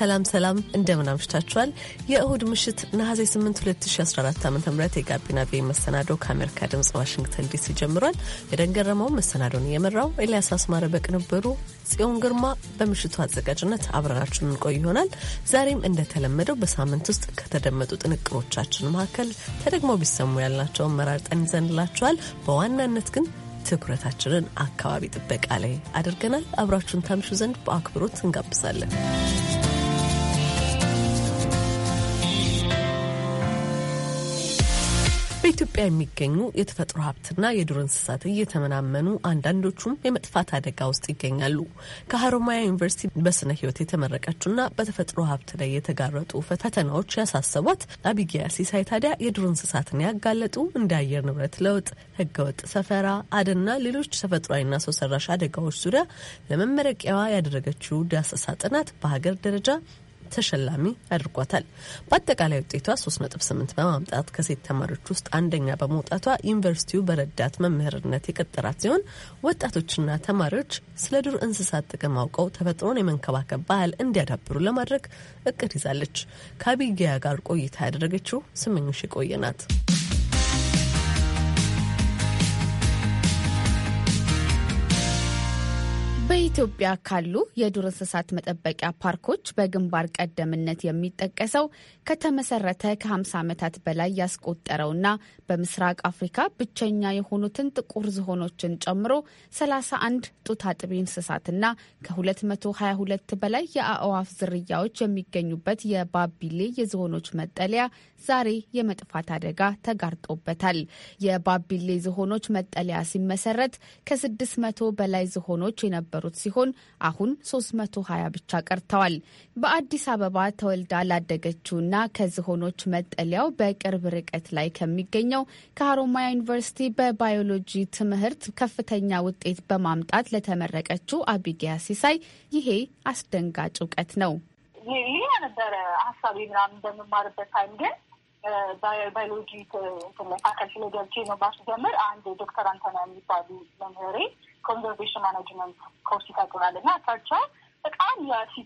ሰላም ሰላም፣ እንደምን አምሽታችኋል። የእሁድ ምሽት ነሐሴ 8 2014 ዓ ም የጋቢና ቪ መሰናዶ ከአሜሪካ ድምፅ ዋሽንግተን ዲሲ ጀምሯል። የደንገረመው መሰናዶን የመራው ኤልያስ አስማረ በቅንብሩ ጽዮን ግርማ በምሽቱ አዘጋጅነት አብረራችሁን እንቆይ ይሆናል። ዛሬም እንደተለመደው በሳምንት ውስጥ ከተደመጡ ጥንቅሮቻችን መካከል ተደግሞ ቢሰሙ ያልናቸውን መራርጠን ይዘንላችኋል። በዋናነት ግን ትኩረታችንን አካባቢ ጥበቃ ላይ አድርገናል። አብራችሁን ታምሹ ዘንድ በአክብሮት እንጋብዛለን። በኢትዮጵያ የሚገኙ የተፈጥሮ ሀብትና የዱር እንስሳት እየተመናመኑ አንዳንዶቹም የመጥፋት አደጋ ውስጥ ይገኛሉ። ከሀሮማያ ዩኒቨርሲቲ በስነ ህይወት የተመረቀችውና በተፈጥሮ ሀብት ላይ የተጋረጡ ፈተናዎች ያሳሰቧት አቢጊያ ሲሳይ ታዲያ የዱር እንስሳትን ያጋለጡ እንደ አየር ንብረት ለውጥ፣ ህገወጥ ሰፈራ፣ አደና ሌሎች ተፈጥሯዊና ሰው ሰራሽ አደጋዎች ዙሪያ ለመመረቂያዋ ያደረገችው ዳሰሳ ጥናት በሀገር ደረጃ ተሸላሚ አድርጓታል። በአጠቃላይ ውጤቷ 3.8 በማምጣት ከሴት ተማሪዎች ውስጥ አንደኛ በመውጣቷ ዩኒቨርሲቲው በረዳት መምህርነት የቀጠራት ሲሆን ወጣቶችና ተማሪዎች ስለ ዱር እንስሳት ጥቅም አውቀው ተፈጥሮን የመንከባከብ ባህል እንዲያዳብሩ ለማድረግ እቅድ ይዛለች። ከአቢጊያ ጋር ቆይታ ያደረገችው ስምኞሽ የቆየናት ናት። በኢትዮጵያ ካሉ የዱር እንስሳት መጠበቂያ ፓርኮች በግንባር ቀደምነት የሚጠቀሰው ከተመሰረተ ከ50 ዓመታት በላይ ያስቆጠረውና በምስራቅ አፍሪካ ብቸኛ የሆኑትን ጥቁር ዝሆኖችን ጨምሮ 31 ጡት አጥቢ እንስሳትና ከ222 በላይ የአእዋፍ ዝርያዎች የሚገኙበት የባቢሌ የዝሆኖች መጠለያ ዛሬ የመጥፋት አደጋ ተጋርጦበታል። የባቢሌ ዝሆኖች መጠለያ ሲመሰረት ከ600 በላይ ዝሆኖች የነበሩ የነበሩት ሲሆን አሁን 320 ብቻ ቀርተዋል። በአዲስ አበባ ተወልዳ ላደገችውና ከዝሆኖች መጠለያው በቅርብ ርቀት ላይ ከሚገኘው ከሀሮማያ ዩኒቨርሲቲ በባዮሎጂ ትምህርት ከፍተኛ ውጤት በማምጣት ለተመረቀችው አቢጊያ ሲሳይ ይሄ አስደንጋጭ እውቀት ነው። ሌላ ነበረ ሀሳቤ ምናምን እንደምማርበት ታይም ግን ባዮሎጂ ፋካልቲ ላይ ገብቼ ነው ባስጀምር አንድ ዶክተር አንተና የሚባሉ መምህሬ ኮንዘርቬሽን ማናጅመንት ኮርስ ይታጥናል እና እሳቸው በጣም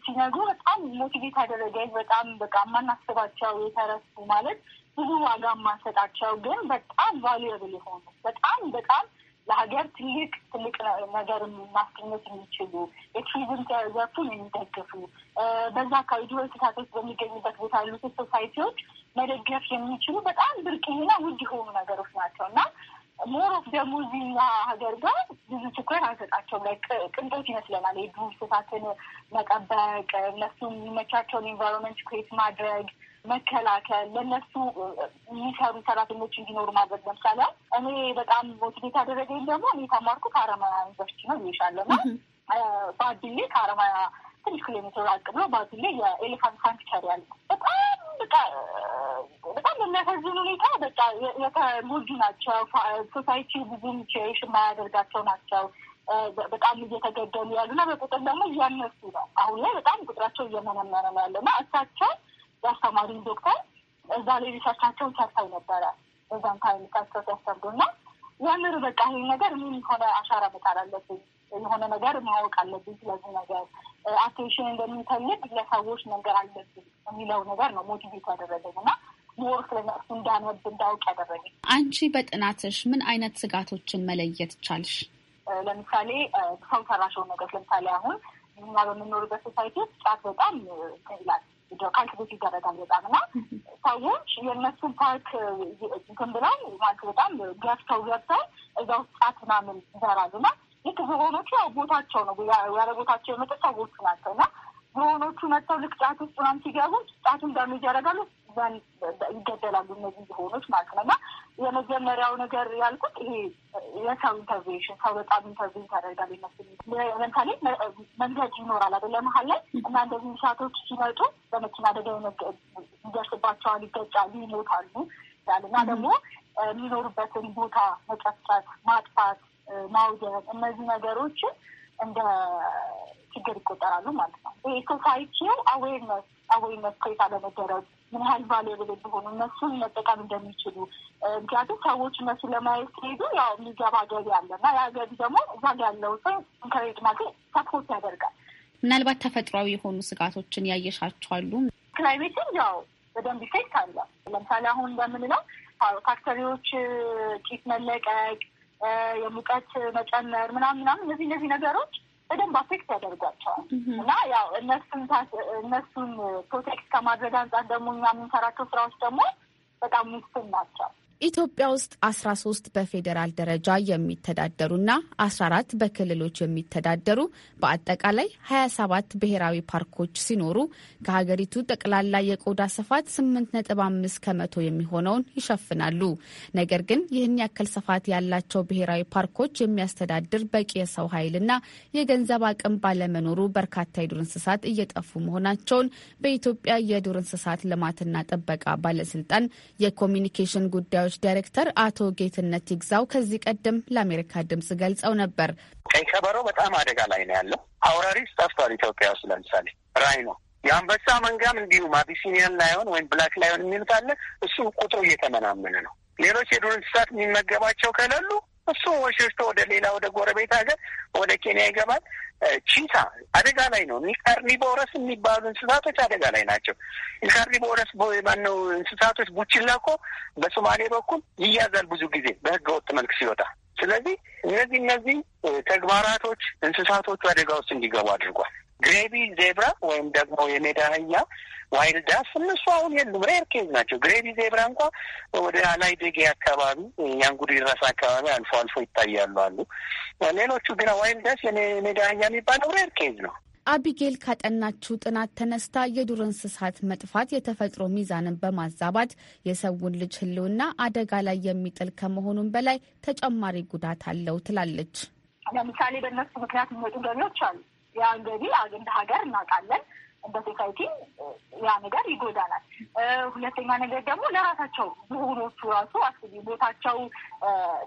ሲነጉ በጣም ሞቲቬት ያደረገኝ በጣም በቃ የማናስባቸው የተረሱ ማለት ብዙ ዋጋ የማንሰጣቸው ግን በጣም ቫሉየብል የሆኑ በጣም በጣም ለሀገር ትልቅ ትልቅ ነገር ማስገኘት የሚችሉ የቱሪዝም ዘርፉን የሚደግፉ በዛ አካባቢ ድሮ እንስሳቶች በሚገኙበት ቦታ ያሉት ሶሳይቲዎች መደገፍ የሚችሉ በጣም ብርቅና ውድ የሆኑ ነገሮች ናቸው እና ሞሮፍ ደግሞ እዚህኛ ሀገር ጋር ብዙ ትኩረት አንሰጣቸውም። ላይ ቅንጦት ይመስለናል። የዱ እንስሳትን መጠበቅ፣ እነሱ የሚመቻቸውን ኢንቫይሮንመንት ኩሬት ማድረግ፣ መከላከል፣ ለእነሱ የሚሰሩ ሰራተኞች እንዲኖሩ ማድረግ። ለምሳሌ እኔ በጣም ሞቲቬት ያደረገኝ ደግሞ እኔ የተማርኩት ከአረማያ ዩኒቨርሲቲ ነው ይሻለ ይሻለና በአድሌ ከአረማያ ትንሽ ኪሎ ሜትር ራቅ ብሎ ላይ የኤሌፋንት ሳንክቸሪ አለ። በጣም በቃ በጣም በሚያሳዝን ሁኔታ በቃ የተጎዱ ናቸው። ሶሳይቲ ብዙም ቼሽ የማያደርጋቸው ናቸው። በጣም እየተገደሉ ያሉና በቁጥር ደግሞ እያነሱ ነው። አሁን ላይ በጣም ቁጥራቸው እየመነመረ ነው ያለ ያለና እሳቸው የአስተማሪን ዶክተር እዛ ላይ ሪሰርቻቸውን ሰርተው ነበረ። በዛም ታይም እሳቸው ሲያስተምሩና የምር በቃ ይህ ነገር ምን የሆነ አሻራ መጣል አለብኝ፣ የሆነ ነገር ማወቅ አለብኝ፣ ስለዚህ ነገር አቴንሽን እንደሚፈልግ ለሰዎች ነገር አለብኝ የሚለው ነገር ነው ሞቲቬት ያደረገኝ እና ኖር ስለነሱ እንዳነብ እንዳውቅ ያደረገኝ። አንቺ በጥናትሽ ምን አይነት ስጋቶችን መለየት ቻልሽ? ለምሳሌ ሰው ሰራሽ ነገር ለምሳሌ አሁን እኛ በምንኖርበት ሶሳይቲ ውስጥ ጫት በጣም ይላል ካልቲቤት ይደረጋል በጣም እና ሰዎች የእነሱን ፓርክ እንትን ብለው ማለት በጣም ገፍተው ገብተው እዛ ውስጥ ጫት ምናምን ይዘራሉ እና ልክ ዝሆኖቹ ያው ቦታቸው ነው ያለ ቦታቸው የመጡ ሰዎቹ ናቸው እና ዝሆኖቹ መጥተው ልክ ጫት ውስጥ ምናምን ሲገቡ ጫቱን ዳሜጅ ይደረጋሉ ሱዳን ይገደላሉ እነዚህ ዝሆኖች ማለት ነው። እና የመጀመሪያው ነገር ያልኩት ይሄ የሰው ኢንተርቬንሽን፣ ሰው በጣም ኢንተርቬን ያደርጋል ይመስል ለምሳሌ መንገድ ይኖራል አደለ መሀል ላይ እና እንደዚህ እንስሳቶች ሲመጡ በመኪና አደጋ ይደርስባቸዋል፣ ይገጫሉ፣ ይሞታሉ ይችላል እና ደግሞ የሚኖሩበትን ቦታ መጨፍጨፍ፣ ማጥፋት፣ ማውደም እነዚህ ነገሮችን እንደ ችግር ይቆጠራሉ ማለት ነው። ይሄ ሶሳይቲው አዌርነስ አዌርነስ ክሬት አለመደረጉ ምን ያህል ቫሌብል እንደሆኑ እነሱን መጠቀም እንደሚችሉ ምክንያቱም ሰዎች እነሱ ለማየት ሲሄዱ ያው የሚገባ ገቢ አለ እና ያ ገቢ ደግሞ እዛ ያለው ሰው ኢንከሬጅ ማድረግ ሰፖርት ያደርጋል። ምናልባት ተፈጥሯዊ የሆኑ ስጋቶችን ያየሻቸዋሉ። ክላይሜትን ያው በደንብ ኢፌክት አለ። ለምሳሌ አሁን እንደምንለው ፋክተሪዎች ጭስ መለቀቅ፣ የሙቀት መጨመር ምናምን ምናምን እነዚህ እነዚህ ነገሮች በደንብ አፌክት ያደርጓቸዋል እና ያው እነሱን እነሱን ፕሮቴክት ከማድረግ አንጻር ደግሞ እኛ የምንሰራቸው ስራዎች ደግሞ በጣም ውስን ናቸው። ኢትዮጵያ ውስጥ 13 በፌዴራል ደረጃ የሚተዳደሩና 14 በክልሎች የሚተዳደሩ በአጠቃላይ 27 ብሔራዊ ፓርኮች ሲኖሩ ከሀገሪቱ ጠቅላላ የቆዳ ስፋት 8.5 ከመቶ የሚሆነውን ይሸፍናሉ። ነገር ግን ይህን ያክል ስፋት ያላቸው ብሔራዊ ፓርኮች የሚያስተዳድር በቂ የሰው ኃይልና የገንዘብ አቅም ባለመኖሩ በርካታ የዱር እንስሳት እየጠፉ መሆናቸውን በኢትዮጵያ የዱር እንስሳት ልማትና ጥበቃ ባለስልጣን የኮሚኒኬሽን ጉዳዮች ጉዳዮች ዳይሬክተር አቶ ጌትነት ይግዛው ከዚህ ቀደም ለአሜሪካ ድምጽ ገልጸው ነበር። ቀይ በጣም አደጋ ላይ ነው ያለው። አውራሪስ ጠፍቷል ኢትዮጵያ ውስጥ ለምሳሌ ራይ ነው። የአንበሳ መንጋም እንዲሁም አቢሲኒያን ላይሆን ወይም ብላክ ላይሆን የሚሉት አለ። እሱ ቁጥሩ እየተመናመነ ነው። ሌሎች የዱር እንስሳት የሚመገባቸው ከሌሉ እሱ ወሸሽቶ ወደ ሌላ ወደ ጎረቤት ሀገር ወደ ኬንያ ይገባል። ቺታ አደጋ ላይ ነው። ካርኒቮረስ የሚባሉ እንስሳቶች አደጋ ላይ ናቸው። ካርኒቮረስ ማነው እንስሳቶች ቡችላ እኮ በሶማሌ በኩል ይያዛል ብዙ ጊዜ በህገወጥ መልክ ሲወጣ። ስለዚህ እነዚህ እነዚህ ተግባራቶች እንስሳቶቹ አደጋ ውስጥ እንዲገቡ አድርጓል። ግሬቪ ዜብራ ወይም ደግሞ የሜዳ አህያ ዋይልድ ዳስ እነሱ አሁን የሉም፣ ሬር ኬዝ ናቸው። ግሬቪ ዜብራ እንኳ ወደ ደጌ አካባቢ ያንጉዲ ራስ አካባቢ አልፎ አልፎ ይታያሉ አሉ። ሌሎቹ ግን ዋይልድ ዳስ የሜዳ አህያ የሚባለው ሬር ኬዝ ነው። አቢጌል ካጠናችው ጥናት ተነስታ የዱር እንስሳት መጥፋት የተፈጥሮ ሚዛንን በማዛባት የሰውን ልጅ ሕልውና አደጋ ላይ የሚጥል ከመሆኑም በላይ ተጨማሪ ጉዳት አለው ትላለች። ለምሳሌ በእነሱ ምክንያት የሚወጡ ገቢዎች አሉ ያ እንግዲህ እንደ ሀገር እናውቃለን። እንደ ሶሳይቲ ያ ነገር ይጎዳናል። ሁለተኛ ነገር ደግሞ ለራሳቸው ዝሆኖቹ ራሱ አስቢ ቦታቸው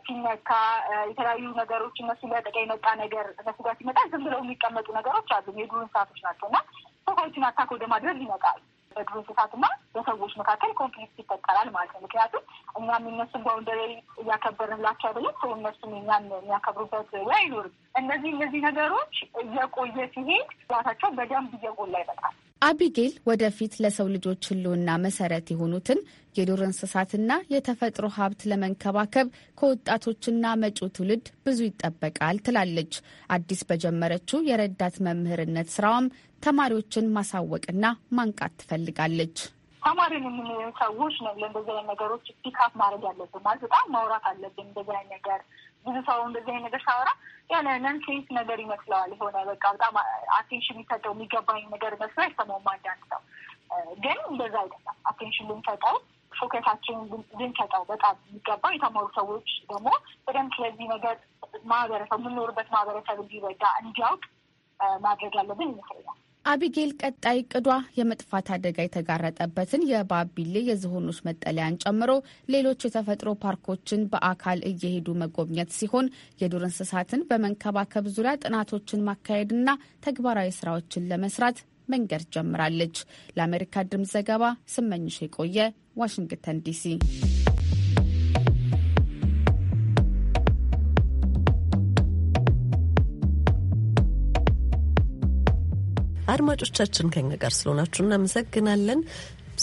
ሲነካ የተለያዩ ነገሮች እነሱ ለጠቀ የመጣ ነገር እነሱ ጋር ሲመጣ ዝም ብለው የሚቀመጡ ነገሮች አሉ። የዱር እንስሳቶች ናቸው እና ሰዎችን አታክ ወደ ማድረግ ይመጣል። በዱር እንስሳትና በሰዎች መካከል ኮንፍሊክት ይፈጠራል ማለት ነው። ምክንያቱም እኛም የነሱን ባውንደሪ እያከበርንላቸው አይደለም፣ ሰው እነሱም እኛን የሚያከብሩበት ወይ አይኖርም። እነዚህ እነዚህ ነገሮች እየቆየ ሲሄድ ራሳቸው በደንብ እየጎላ ይመጣል። አቢጌል ወደፊት ለሰው ልጆች ሕልውና መሰረት የሆኑትን የዱር እንስሳትና የተፈጥሮ ሀብት ለመንከባከብ ከወጣቶችና መጪው ትውልድ ብዙ ይጠበቃል ትላለች። አዲስ በጀመረችው የረዳት መምህርነት ስራዋም ተማሪዎችን ማሳወቅና ማንቃት ትፈልጋለች። ተማሪ የምንለው ሰዎች ነው ለእንደዚህ ነገሮች ፒክ አፕ ማድረግ ያለብን ማለት በጣም ማውራት አለብን እንደዚህ ነገር ሰው እንደዚህ አይነት ነገር ሳወራ ያለ ነንሴንስ ነገር ይመስለዋል። የሆነ በቃ በጣም አቴንሽን የሚሰጠው የሚገባኝ ነገር መስሎ አይሰማውም አንዳንድ ሰው። ግን እንደዛ አይደለም። አቴንሽን ልንሰጠው ፎከሳችንን ልንሰጠው በጣም የሚገባው የተማሩ ሰዎች ደግሞ በደንብ ስለዚህ ነገር ማህበረሰብ የምንኖርበት ማህበረሰብ እንዲረዳ እንዲያውቅ ማድረግ ያለብን ይመስለኛል። አቢጌል ቀጣይ ቅዷ የመጥፋት አደጋ የተጋረጠበትን የባቢሌ የዝሆኖች መጠለያን ጨምሮ ሌሎች የተፈጥሮ ፓርኮችን በአካል እየሄዱ መጎብኘት ሲሆን የዱር እንስሳትን በመንከባከብ ዙሪያ ጥናቶችን ማካሄድና ተግባራዊ ስራዎችን ለመስራት መንገድ ጀምራለች። ለአሜሪካ ድምፅ ዘገባ ስመኝሽ የቆየ ዋሽንግተን ዲሲ አድማጮቻችን ከኛ ጋር ስለሆናችሁ እናመሰግናለን።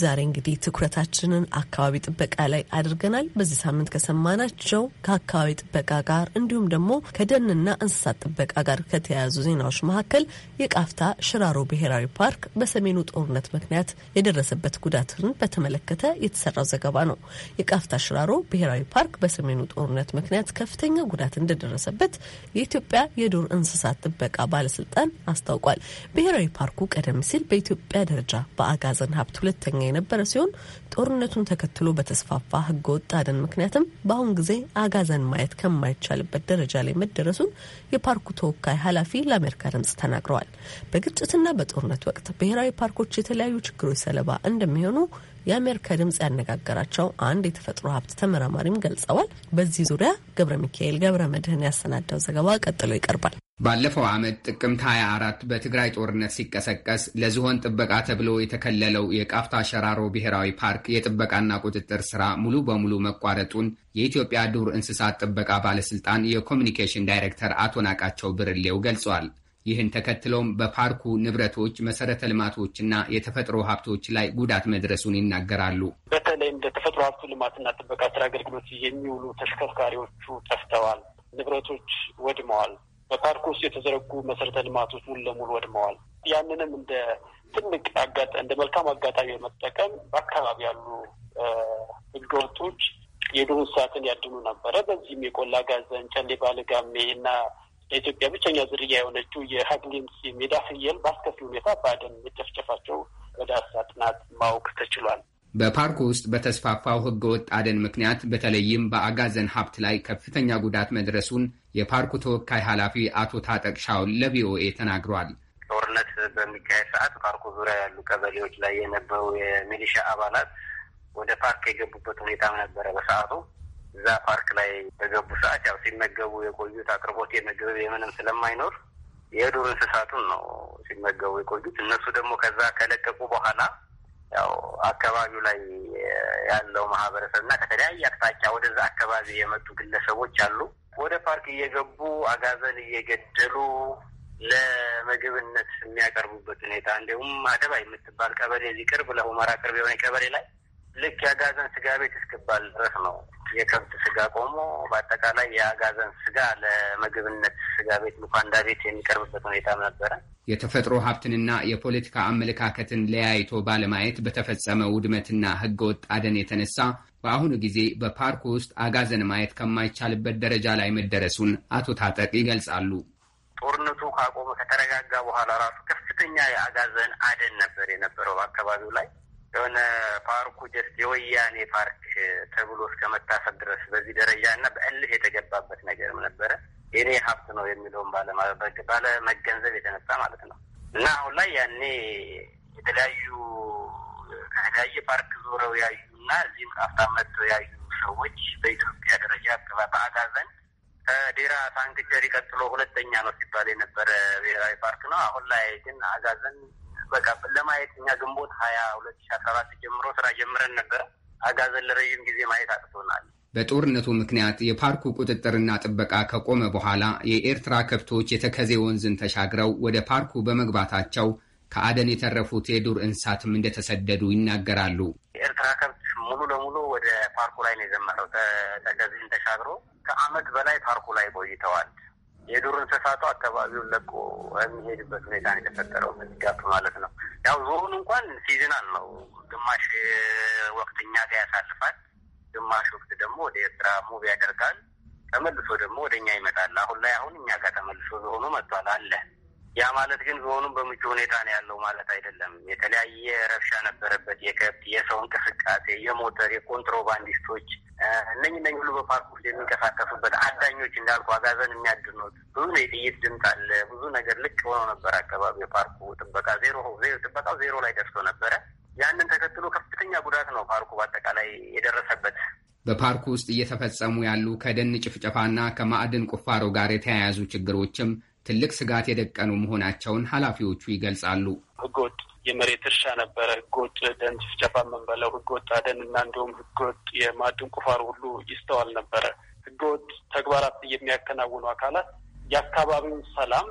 ዛሬ እንግዲህ ትኩረታችንን አካባቢ ጥበቃ ላይ አድርገናል። በዚህ ሳምንት ከሰማናቸው ከአካባቢ ጥበቃ ጋር እንዲሁም ደግሞ ከደንና እንስሳት ጥበቃ ጋር ከተያያዙ ዜናዎች መካከል የቃፍታ ሽራሮ ብሔራዊ ፓርክ በሰሜኑ ጦርነት ምክንያት የደረሰበት ጉዳትን በተመለከተ የተሰራው ዘገባ ነው። የቃፍታ ሽራሮ ብሔራዊ ፓርክ በሰሜኑ ጦርነት ምክንያት ከፍተኛ ጉዳት እንደደረሰበት የኢትዮጵያ የዱር እንስሳት ጥበቃ ባለስልጣን አስታውቋል። ብሔራዊ ፓርኩ ቀደም ሲል በኢትዮጵያ ደረጃ በአጋዘን ሀብት ሁለተኛ የነበረ ሲሆን ጦርነቱን ተከትሎ በተስፋፋ ህገወጥ አደን ምክንያትም በአሁን ጊዜ አጋዘን ማየት ከማይቻልበት ደረጃ ላይ መደረሱን የፓርኩ ተወካይ ኃላፊ ለአሜሪካ ድምጽ ተናግረዋል። በግጭትና በጦርነት ወቅት ብሔራዊ ፓርኮች የተለያዩ ችግሮች ሰለባ እንደሚሆኑ የአሜሪካ ድምጽ ያነጋገራቸው አንድ የተፈጥሮ ሀብት ተመራማሪም ገልጸዋል። በዚህ ዙሪያ ገብረ ሚካኤል ገብረ መድህን ያሰናዳው ዘገባ ቀጥሎ ይቀርባል። ባለፈው ዓመት ጥቅምት 24 በትግራይ ጦርነት ሲቀሰቀስ ለዝሆን ጥበቃ ተብሎ የተከለለው የቃፍታ ሸራሮ ብሔራዊ ፓርክ የጥበቃና ቁጥጥር ስራ ሙሉ በሙሉ መቋረጡን የኢትዮጵያ ዱር እንስሳት ጥበቃ ባለስልጣን የኮሚኒኬሽን ዳይሬክተር አቶ ናቃቸው ብርሌው ገልጿል። ይህን ተከትለውም በፓርኩ ንብረቶች፣ መሰረተ ልማቶችና የተፈጥሮ ሀብቶች ላይ ጉዳት መድረሱን ይናገራሉ። በተለይም ለተፈጥሮ ሀብቱ ልማትና ጥበቃ ስራ አገልግሎት የሚውሉ ተሽከርካሪዎቹ ጠፍተዋል፣ ንብረቶች ወድመዋል። በፓርኩ ውስጥ የተዘረጉ መሰረተ ልማቶች ሙሉ ለሙሉ ወድመዋል። ያንንም እንደ ትልቅ እንደ መልካም አጋጣሚ በመጠቀም በአካባቢ ያሉ ህገወጦች የዱር እንስሳትን ያድኑ ነበረ። በዚህም የቆላ ጋዘን፣ ጨሌ ባለጋሜ እና ለኢትዮጵያ ብቸኛ ዝርያ የሆነችው የሀግሊንስ ሜዳ ፍየል በአስከፊ ሁኔታ በአደን መጨፍጨፋቸው በዳሳ ጥናት ማወቅ ተችሏል። በፓርኩ ውስጥ በተስፋፋው ህገወጥ አደን ምክንያት በተለይም በአጋዘን ሀብት ላይ ከፍተኛ ጉዳት መድረሱን የፓርኩ ተወካይ ኃላፊ አቶ ታጠቅ ሻውል ለቪኦኤ ተናግሯል። ጦርነት በሚካሄድ ሰዓት ፓርኩ ዙሪያ ያሉ ቀበሌዎች ላይ የነበሩ የሚሊሻ አባላት ወደ ፓርክ የገቡበት ሁኔታም ነበረ በሰዓቱ እዛ ፓርክ ላይ በገቡ ሰዓት ያው ሲመገቡ የቆዩት አቅርቦት የምግብ የምንም ስለማይኖር የዱር እንስሳቱን ነው ሲመገቡ የቆዩት። እነሱ ደግሞ ከዛ ከለቀቁ በኋላ ያው አካባቢው ላይ ያለው ማህበረሰብ እና ከተለያየ አቅጣጫ ወደዛ አካባቢ የመጡ ግለሰቦች አሉ። ወደ ፓርክ እየገቡ አጋዘን እየገደሉ ለምግብነት የሚያቀርቡበት ሁኔታ እንዲሁም አደባ የምትባል ቀበሌ እዚህ ቅርብ ለሁመራ ቅርብ የሆነ ቀበሌ ላይ ልክ የአጋዘን ስጋ ቤት እስክባል ድረስ ነው የከብት ስጋ ቆሞ በአጠቃላይ የአጋዘን ስጋ ለምግብነት ስጋ ቤት ሉካንዳ ቤት የሚቀርብበት ሁኔታ ነበረ። የተፈጥሮ ሀብትንና የፖለቲካ አመለካከትን ለያይቶ ባለማየት በተፈጸመ ውድመትና ህገወጥ አደን የተነሳ በአሁኑ ጊዜ በፓርኩ ውስጥ አጋዘን ማየት ከማይቻልበት ደረጃ ላይ መደረሱን አቶ ታጠቅ ይገልጻሉ። ጦርነቱ ካቆመ ከተረጋጋ በኋላ ራሱ ከፍተኛ የአጋዘን አደን ነበር የነበረው አካባቢው ላይ የሆነ ፓርኩ ጀስት የወያኔ ፓርክ ተብሎ እስከ መታሰብ ድረስ በዚህ ደረጃ እና በእልህ የተገባበት ነገርም ነበረ። የኔ ሀብት ነው የሚለውን ባለመገንዘብ የተነሳ ማለት ነው እና አሁን ላይ ያኔ የተለያዩ ከተለያየ ፓርክ ዞረው ያዩ እና እዚህም አፍታ መጥተው ያዩ ሰዎች በኢትዮጵያ ደረጃ በአጋዘን ከዴራ ሳንክቸሪ ቀጥሎ ሁለተኛ ነው ሲባል የነበረ ብሔራዊ ፓርክ ነው። አሁን ላይ ግን አጋዘን በቃ ለማየት እኛ ግንቦት ሀያ ሁለት ሺ አስራ አራት ጀምሮ ስራ ጀምረን ነበር። አጋዘን ለረዥም ጊዜ ማየት አቅቶናል። በጦርነቱ ምክንያት የፓርኩ ቁጥጥርና ጥበቃ ከቆመ በኋላ የኤርትራ ከብቶች የተከዜ ወንዝን ተሻግረው ወደ ፓርኩ በመግባታቸው ከአደን የተረፉት የዱር እንስሳትም እንደተሰደዱ ይናገራሉ። የኤርትራ ከብት ሙሉ ለሙሉ ወደ ፓርኩ ላይ ነው የዘመረው። ተከዜን ተሻግሮ ከአመት በላይ ፓርኩ ላይ ቆይተዋል። የዱር እንስሳቱ አካባቢውን ለቆ የሚሄድበት ሁኔታ ነው የተፈጠረው በዚህ ጋፕ ማለት ነው። ያው ዞኑ እንኳን ሲዝናል ነው፣ ግማሽ ወቅት እኛ ጋር ያሳልፋል፣ ግማሽ ወቅት ደግሞ ወደ ኤርትራ ሙቭ ያደርጋል፣ ተመልሶ ደግሞ ወደ እኛ ይመጣል። አሁን ላይ አሁን እኛ ጋር ተመልሶ ዞኑ መጥቷል አለ ያ ማለት ግን ቢሆኑም በምቹ ሁኔታ ነው ያለው ማለት አይደለም። የተለያየ ረብሻ ነበረበት። የከብት የሰው እንቅስቃሴ፣ የሞተር፣ የኮንትሮባንዲስቶች እነኝ እነኝ ሁሉ በፓርክ ውስጥ የሚንቀሳቀሱበት አዳኞች እንዳልኩ አጋዘን የሚያድኑት ብዙ ነው። የጥይት ድምፅ አለ። ብዙ ነገር ልቅ ሆኖ ነበር አካባቢ የፓርኩ ጥበቃ ዜሮ ጥበቃው ዜሮ ላይ ደርሶ ነበረ። ያንን ተከትሎ ከፍተኛ ጉዳት ነው ፓርኩ በአጠቃላይ የደረሰበት። በፓርኩ ውስጥ እየተፈጸሙ ያሉ ከደን ጭፍጨፋና ከማዕድን ቁፋሮ ጋር የተያያዙ ችግሮችም ትልቅ ስጋት የደቀኑ መሆናቸውን ኃላፊዎቹ ይገልጻሉ። ህገወጥ የመሬት እርሻ ነበረ፣ ህገወጥ ደን ጭፍጨፋ የምንበለው ህገወጥ አደን እና እንዲሁም ህገወጥ የማዕድን ቁፋር ሁሉ ይስተዋል ነበረ። ህገወጥ ተግባራት የሚያከናውኑ አካላት የአካባቢውን ሰላም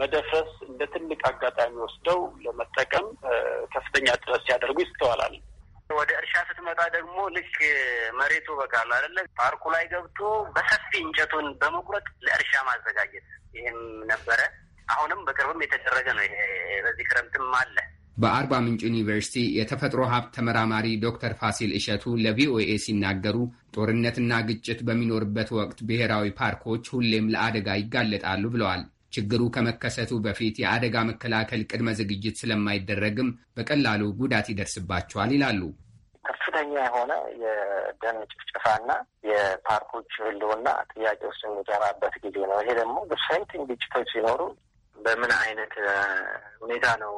መደፍረስ እንደ ትልቅ አጋጣሚ ወስደው ለመጠቀም ከፍተኛ ጥረት ሲያደርጉ ይስተዋላል። ወደ እርሻ ስትመጣ ደግሞ ልክ መሬቱ በቃሉ አደለ ፓርኩ ላይ ገብቶ በሰፊ እንጨቱን በመቁረጥ ለእርሻ ማዘጋጀት ይህም ነበረ። አሁንም በቅርብም የተደረገ ነው። ይሄ በዚህ ክረምትም አለ። በአርባ ምንጭ ዩኒቨርሲቲ የተፈጥሮ ሀብት ተመራማሪ ዶክተር ፋሲል እሸቱ ለቪኦኤ ሲናገሩ ጦርነትና ግጭት በሚኖርበት ወቅት ብሔራዊ ፓርኮች ሁሌም ለአደጋ ይጋለጣሉ ብለዋል። ችግሩ ከመከሰቱ በፊት የአደጋ መከላከል ቅድመ ዝግጅት ስለማይደረግም በቀላሉ ጉዳት ይደርስባቸዋል ይላሉ። ከፍተኛ የሆነ የደን ጭፍጨፋና የፓርኮች ህልውና ጥያቄ ውስጥ የሚገባበት ጊዜ ነው። ይሄ ደግሞ በሳይንቲንግ ግጭቶች ሲኖሩ በምን አይነት ሁኔታ ነው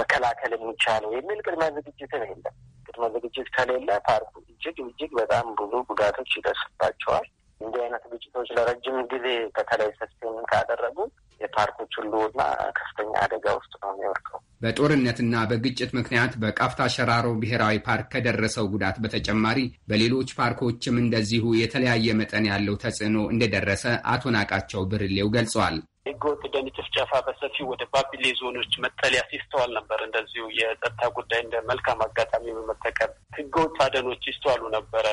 መከላከል የሚቻለው የሚል ቅድመ ዝግጅትን የለም። ቅድመ ዝግጅት ከሌለ ፓርኩ እጅግ እጅግ በጣም ብዙ ጉዳቶች ይደርስባቸዋል። እንዲህ አይነት ግጭቶች ለረጅም ጊዜ በተለይ ሰስቴን ካደረጉ የፓርኮች ሁሉና ከፍተኛ አደጋ ውስጥ ነው የሚወድቀው። በጦርነትና በግጭት ምክንያት በቃፍታ ሸራሮ ብሔራዊ ፓርክ ከደረሰው ጉዳት በተጨማሪ በሌሎች ፓርኮችም እንደዚሁ የተለያየ መጠን ያለው ተጽዕኖ እንደደረሰ አቶ ናቃቸው ብርሌው ገልጸዋል። ህገወጥ ደንብ ጭፍጨፋ በሰፊው ወደ ባቢሌ ዞኖች መጠለያ ሲስተዋል ነበር። እንደዚሁ የጸጥታ ጉዳይ እንደ መልካም አጋጣሚ በመጠቀም ህገወጥ አደኖች ይስተዋሉ ነበረ።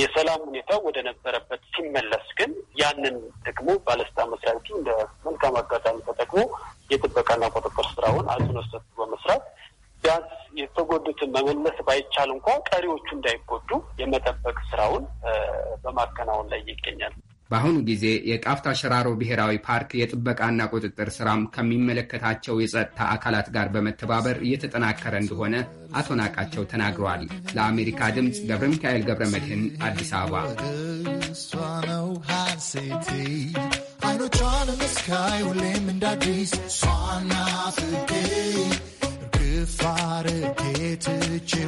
የሰላም ሁኔታ ወደ ነበረበት ሲመለስ ግን ያንን ደግሞ ባለስልጣን መስሪያ ቤቱ እንደ መልካም አጋጣሚ ተጠቅሞ የጥበቃና ቁጥጥር ስራውን አጽኖ ሰጥቶ በመስራት ቢያንስ የተጎዱትን መመለስ ባይቻል እንኳ ቀሪዎቹ እንዳይጎዱ የመጠበቅ ስራውን በማከናወን ላይ ይገኛል። በአሁኑ ጊዜ የቃፍታ ሸራሮ ብሔራዊ ፓርክ የጥበቃና ቁጥጥር ስራም ከሚመለከታቸው የጸጥታ አካላት ጋር በመተባበር እየተጠናከረ እንደሆነ አቶ ናቃቸው ተናግረዋል። ለአሜሪካ ድምፅ ገብረ ሚካኤል ገብረ መድህን አዲስ አበባ።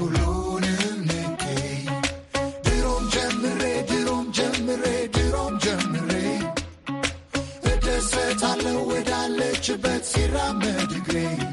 ሁሉንም Let's see the grave.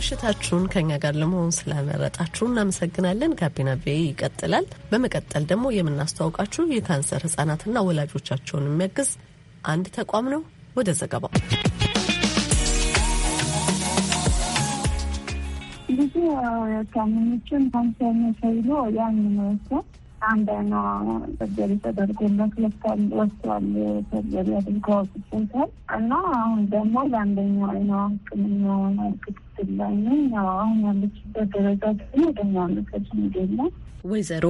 ምሽታችሁን ከኛ ጋር ለመሆን ስለመረጣችሁ እናመሰግናለን። ጋቢና ቪ ይቀጥላል። በመቀጠል ደግሞ የምናስተዋውቃችሁ የካንሰር ህጻናትና ወላጆቻቸውን የሚያግዝ አንድ ተቋም ነው። ወደ ዘገባው ብዙ ታምኞችን ካንሰር ነው ተብሎ ያን መወሰድ አንድ አይኗ ሰርጀሪ ተደርጎለት ለስካል ወስቷል። ሰርጀሪ አድርገው አውጥቶታል እና አሁን ደግሞ ለአንደኛው አይኗ ህክምና ያርግት ያለችበት ደረጃ ወደኛ ወይዘሮ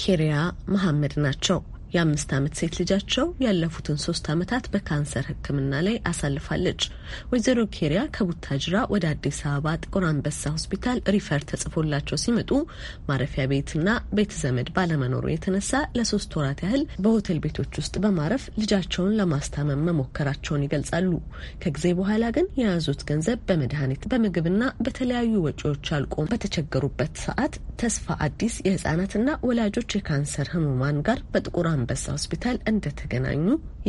ኬሪያ መሐመድ ናቸው። የአምስት ዓመት ሴት ልጃቸው ያለፉትን ሶስት ዓመታት በካንሰር ሕክምና ላይ አሳልፋለች። ወይዘሮ ኬሪያ ከቡታጅራ ወደ አዲስ አበባ ጥቁር አንበሳ ሆስፒታል ሪፈር ተጽፎላቸው ሲመጡ ማረፊያ ቤትና ቤተ ዘመድ ባለመኖሩ የተነሳ ለሶስት ወራት ያህል በሆቴል ቤቶች ውስጥ በማረፍ ልጃቸውን ለማስታመም መሞከራቸውን ይገልጻሉ። ከጊዜ በኋላ ግን የያዙት ገንዘብ በመድኃኒት በምግብና በተለያዩ ወጪዎች አልቆ በተቸገሩበት ሰዓት ተስፋ አዲስ የህጻናትና ወላጆች የካንሰር ህሙማን ጋር በጥቁር አንበሳ ሆስፒታል እንደተገናኙ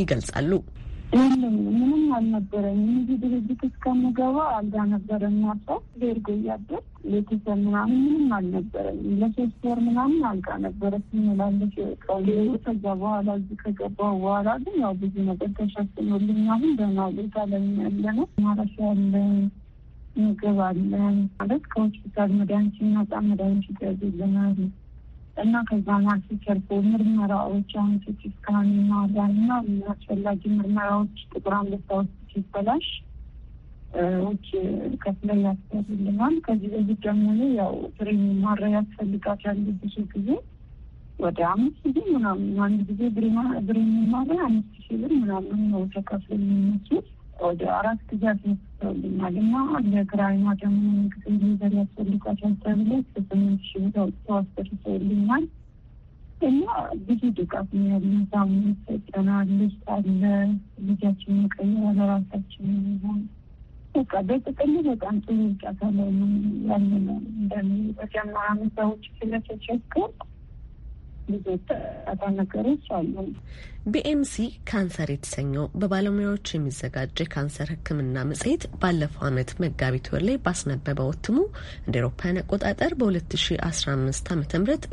ይገልጻሉ። የለም ምንም አልነበረኝም። እዚህ ድርጅት እስከምገባ አልጋ ነበረ የሚያሰው ቤርጎ እያደር ቤተሰብ ምናምን ምንም አልነበረኝም። ለሶስት ወር ምናምን አልጋ ነበረ ስንላለች ቀሌ። ከዛ በኋላ እዚህ ከገባ በኋላ ግን ያው ብዙ ነገር ተሸፍኖልኝ አሁን ደህና ቦታ ላይ ያለ ነው። ማረሻ አለን፣ ምግብ አለን። ማለት ከሆስፒታል መድኃኒት ነጻ መድኃኒት ይገዙልናል። እና ከዛ ማለት ሲተርፎ ምርመራዎች አሁን ስካን እናዋለን እና አስፈላጊ ምርመራዎች ጥቁር አንበሳ ውስጥ ሲበላሽ ውጭ ከፍለው ያስፈልልናል። ከዚህ በፊት ደግሞ ያው ትሬኒንግ ማድረግ ያሉ ብዙ ጊዜ ወደ አምስት ጊዜ ምናምን አንድ ጊዜ ብሬኒ ማድረግ አምስት ሺ ብር ምናምን ነው ተከፍሎ የሚመስሉት ወደ አራት ጊዜ አስነስተውልኛልና ለክራይና ደግሞ መንግስት ሊዘር ያስፈልጓቸው ተብሎ ስምንት ሺህ ብር እና ብዙ ድጋፍ ነው ያለን። ልጅ አለ ልጃችን መቀየር ለራሳችን ሆን በቃ በጥቅሉ በጣም ጥሩ እርዳታ ላይ ነው ያለነው። እንደሚ በጀመራ ስለተቸገር ብዙ እርዳታ ነገሮች አሉ። ቢኤምሲ ካንሰር የተሰኘው በባለሙያዎች የሚዘጋጅ የካንሰር ሕክምና መጽሔት ባለፈው ዓመት መጋቢት ወር ላይ ባስነበበው እትሙ እንደ ኤሮፓያን አቆጣጠር በ2015 ዓ ም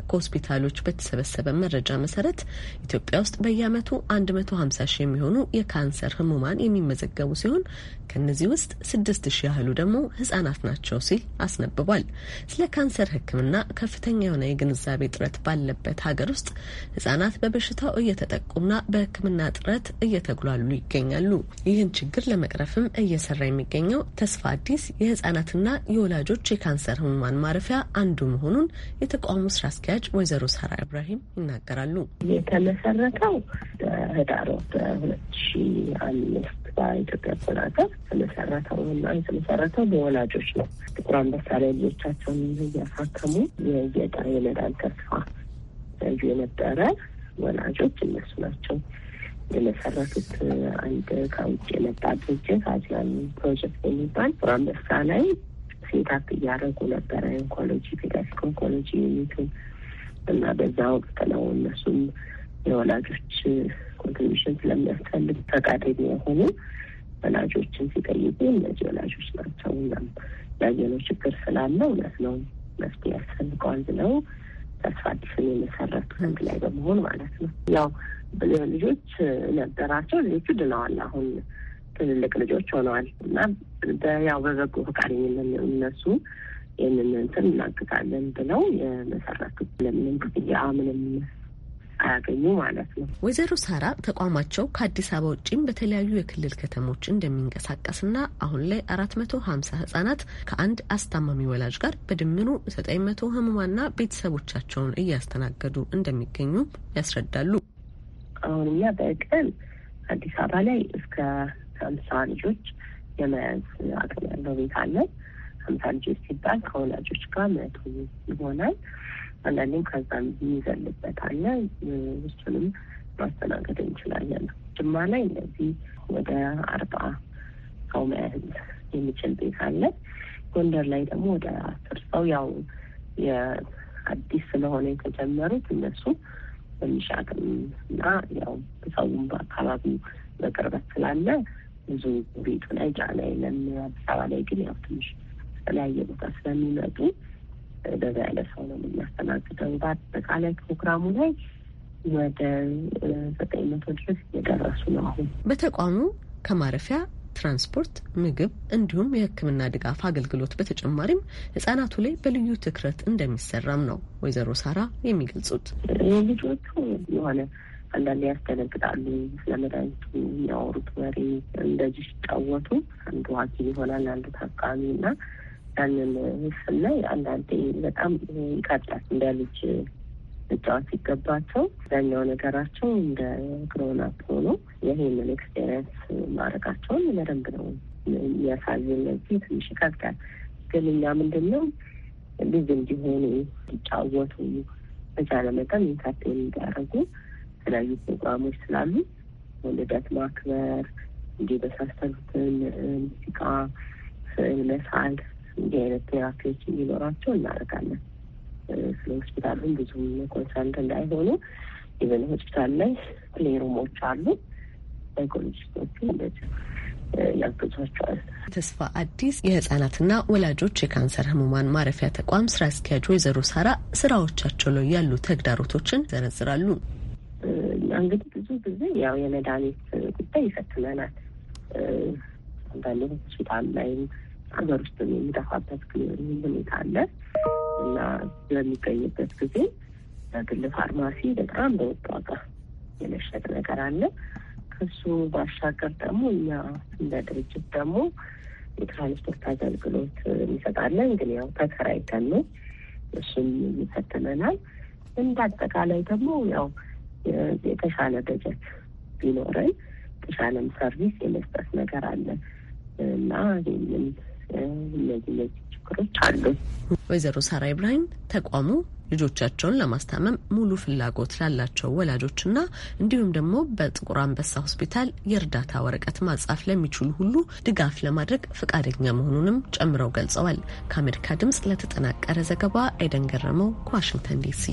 ከሆስፒታሎች በተሰበሰበ መረጃ መሰረት ኢትዮጵያ ውስጥ በየዓመቱ 150 ሺህ የሚሆኑ የካንሰር ህሙማን የሚመዘገቡ ሲሆን ከእነዚህ ውስጥ 6 ሺህ ያህሉ ደግሞ ህጻናት ናቸው ሲል አስነብቧል። ስለ ካንሰር ሕክምና ከፍተኛ የሆነ የግንዛቤ ጥረት ባለበት ሀገር ውስጥ ህጻናት በበሽታው እየተጠቁና በሕክምና እጥረት እየተጉላሉ ይገኛሉ። ይህን ችግር ለመቅረፍም እየሰራ የሚገኘው ተስፋ አዲስ የህጻናትና የወላጆች የካንሰር ህሙማን ማረፊያ አንዱ መሆኑን የተቋሙ ስራ አስኪያጅ ወይዘሮ ሳራ ኢብራሂም ይናገራሉ። የተመሰረተው በህዳር በሁለት ሺ አምስት በኢትዮጵያ አቆጣጠር የተመሰረተው እና የተመሰረተው በወላጆች ነው። ጥቁር አንበሳ ላይ ልጆቻቸውን እያሳከሙ የጌጣ የመዳን ተስፋ ዩ የነበረ ወላጆች እነሱ ናቸው የመሰረቱት። አንድ ከውጭ የመጣ ድርጅት አጅላን ፕሮጀክት የሚባል አንበሳ ላይ ሴታፕ እያደረጉ ነበረ ኦንኮሎጂ ፊደስክ ኦንኮሎጂ ዩኒቱን እና በዛ ወቅት ነው እነሱም የወላጆች ኮንትሪቢሽን ስለሚያስፈልግ ፈቃደኛ የሆኑ ወላጆችን ሲጠይቁ እነዚህ ወላጆች ናቸው እናም ያየነው ችግር ስላለ እውነት ነው መፍትሄ ያስፈልገዋል ብለው ተስፋ አዲስን የመሰረቱ አንድ ላይ በመሆን ማለት ነው። ያው ልጆች ነበራቸው። ልጆቹ ድነዋል። አሁን ትልልቅ ልጆች ሆነዋል እና ያው በበጎ ፈቃደኝነት እነሱ ይህንን እንትን እናግዛለን ብለው የመሰረቱ ለምንም ክፍያ ምንም አያገኙ ማለት ነው። ወይዘሮ ሳራ ተቋማቸው ከአዲስ አበባ ውጭም በተለያዩ የክልል ከተሞች እንደሚንቀሳቀስና አሁን ላይ አራት መቶ ሀምሳ ህጻናት ከአንድ አስታማሚ ወላጅ ጋር በድምሩ ዘጠኝ መቶ ህሙማና ቤተሰቦቻቸውን እያስተናገዱ እንደሚገኙ ያስረዳሉ። አሁን እኛ በቀን አዲስ አበባ ላይ እስከ ሀምሳ ልጆች የመያዝ አቅም ያለው ቤት አለን። ሀምሳ ልጆች ሲባል ከወላጆች ጋር መቶ ይሆናል። አንዳንዴም ከዛም የሚዘልበት አለ። እሱንም ማስተናገድ እንችላለን። ጅማ ላይ እነዚህ ወደ አርባ ሰው መያዝ የሚችል ቤት አለ። ጎንደር ላይ ደግሞ ወደ አስር ሰው ያው የአዲስ ስለሆነ የተጀመሩት እነሱ በሚሻቅም እና ያው ሰውም በአካባቢው በቅርበት ስላለ ብዙ ቤቱ ላይ ጫና የለም። አዲስ አበባ ላይ ግን ያው ትንሽ ከተለያየ ቦታ ስለሚመጡ ገዛ ያለ ሰው ነው የምናስተናግደው። በአጠቃላይ ፕሮግራሙ ላይ ወደ ዘጠኝ መቶ ድረስ እየደረሱ ነው። አሁን በተቋሙ ከማረፊያ ትራንስፖርት፣ ምግብ እንዲሁም የሕክምና ድጋፍ አገልግሎት በተጨማሪም ህጻናቱ ላይ በልዩ ትኩረት እንደሚሰራም ነው ወይዘሮ ሳራ የሚገልጹት። ልጆቹ የሆነ አንዳንድ ያስደነግጣሉ። ስለ መድኃኒቱ የሚያወሩት ወሬ እንደዚህ ሲጫወቱ አንዱ ሐኪም ይሆናል አንዱ ታካሚ እና ያንን ስናይ አንዳንዴ በጣም ይቀጥላል። እንደ ልጅ መጫወት ሲገባቸው አብዛኛው ነገራቸው እንደ ግሮን አፕ ሆኖ ይህንን ኤክስፔሪንስ ማድረጋቸውን በደንብ ነው የሚያሳየን። ለዚህ ትንሽ ይከብዳል። ግን እኛ ምንድን ነው ልጅ እንዲሆኑ እንዲጫወቱ በቻለ መጠን ኢንተርቴን እንዲያደርጉ የተለያዩ ፕሮግራሞች ስላሉ ልደት ማክበር እንዲህ በሳስተሉትን ሙዚቃ ስዕል መሳል እንዲህ አይነት ቴራፒዎች እንዲኖራቸው እናደርጋለን። ስለ ሆስፒታሉም ብዙም ኮንሰርንት እንዳይሆኑ ኢቨን ሆስፒታል ላይ ፕሌሩሞች አሉ። ሳይኮሎጂስቶቹ እንደዚህ ያግዟቸዋል። ተስፋ አዲስ የህጻናትና ወላጆች የካንሰር ህሙማን ማረፊያ ተቋም ስራ አስኪያጅ ወይዘሮ ሳራ ስራዎቻቸው ላይ ያሉ ተግዳሮቶችን ዘረዝራሉ። እኛ እንግዲህ ብዙ ጊዜ ያው የመድኃኒት ጉዳይ ይፈትመናል። አንዳንዴ ሆስፒታል ላይም ሀገር ውስጥ የሚጠፋበት ሁኔታ አለ እና በሚገኝበት ጊዜ በግል ፋርማሲ በጣም በውድ ዋጋ የመሸጥ ነገር አለ። ከሱ ባሻገር ደግሞ እኛ እንደ ድርጅት ደግሞ የትራንስፖርት አገልግሎት እንሰጣለን። ግን ያው ተከራይተን ነው፣ እሱም ይፈትመናል። እንደ አጠቃላይ ደግሞ ያው የተሻለ በጀት ቢኖረን የተሻለም ሰርቪስ የመስጠት ነገር አለ እና ይህንን ችግሮች አሉ። ወይዘሮ ሳራ ኢብራሂም ተቋሙ ልጆቻቸውን ለማስታመም ሙሉ ፍላጎት ላላቸው ወላጆችና እንዲሁም ደግሞ በጥቁር አንበሳ ሆስፒታል የእርዳታ ወረቀት ማጻፍ ለሚችሉ ሁሉ ድጋፍ ለማድረግ ፈቃደኛ መሆኑንም ጨምረው ገልጸዋል። ከአሜሪካ ድምጽ ለተጠናቀረ ዘገባ ኤደን ገረመው ከዋሽንግተን ዲሲ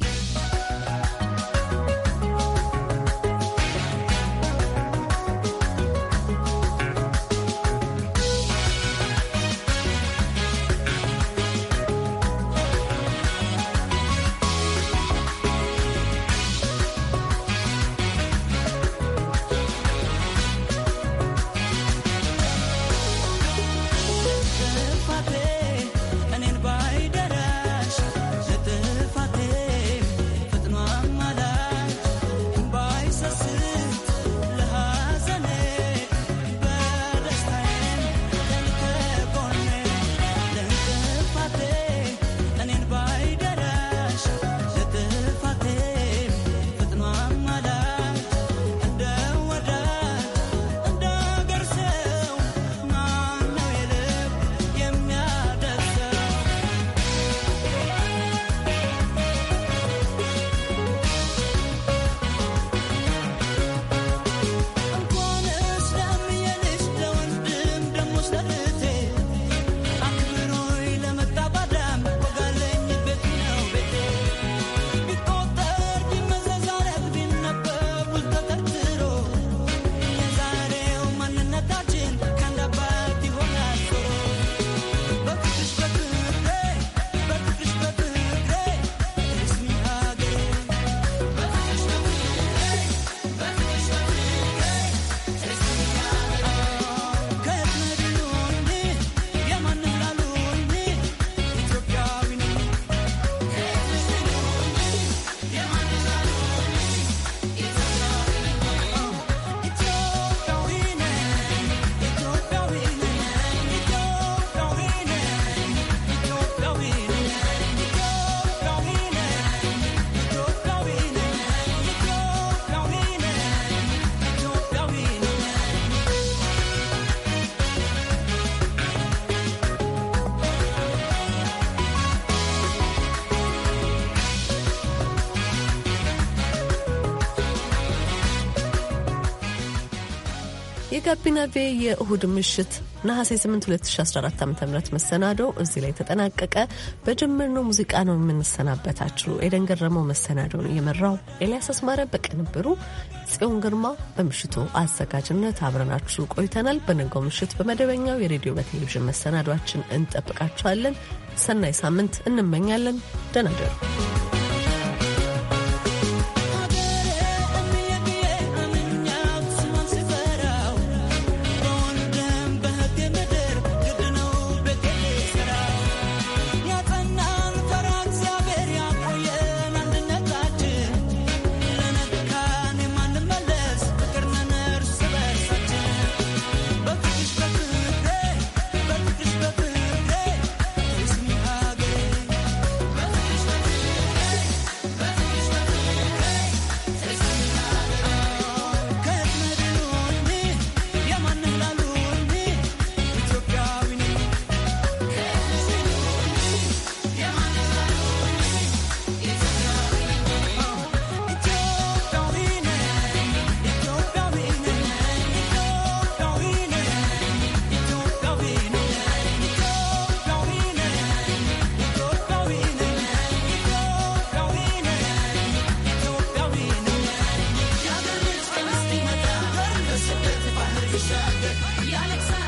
የጋቢና ቤ የእሁድ ምሽት ነሐሴ 8 2014 ዓ ም መሰናዶው እዚህ ላይ ተጠናቀቀ። በጀመርነው ሙዚቃ ነው የምንሰናበታችሁ። ኤደን ገረመው መሰናዶን የመራው ኤልያስ አስማረ፣ በቅንብሩ ጽዮን ግርማ፣ በምሽቱ አዘጋጅነት አብረናችሁ ቆይተናል። በነገው ምሽት በመደበኛው የሬዲዮ በቴሌቪዥን መሰናዷችን እንጠብቃችኋለን። ሰናይ ሳምንት እንመኛለን። ደህና እደሩ።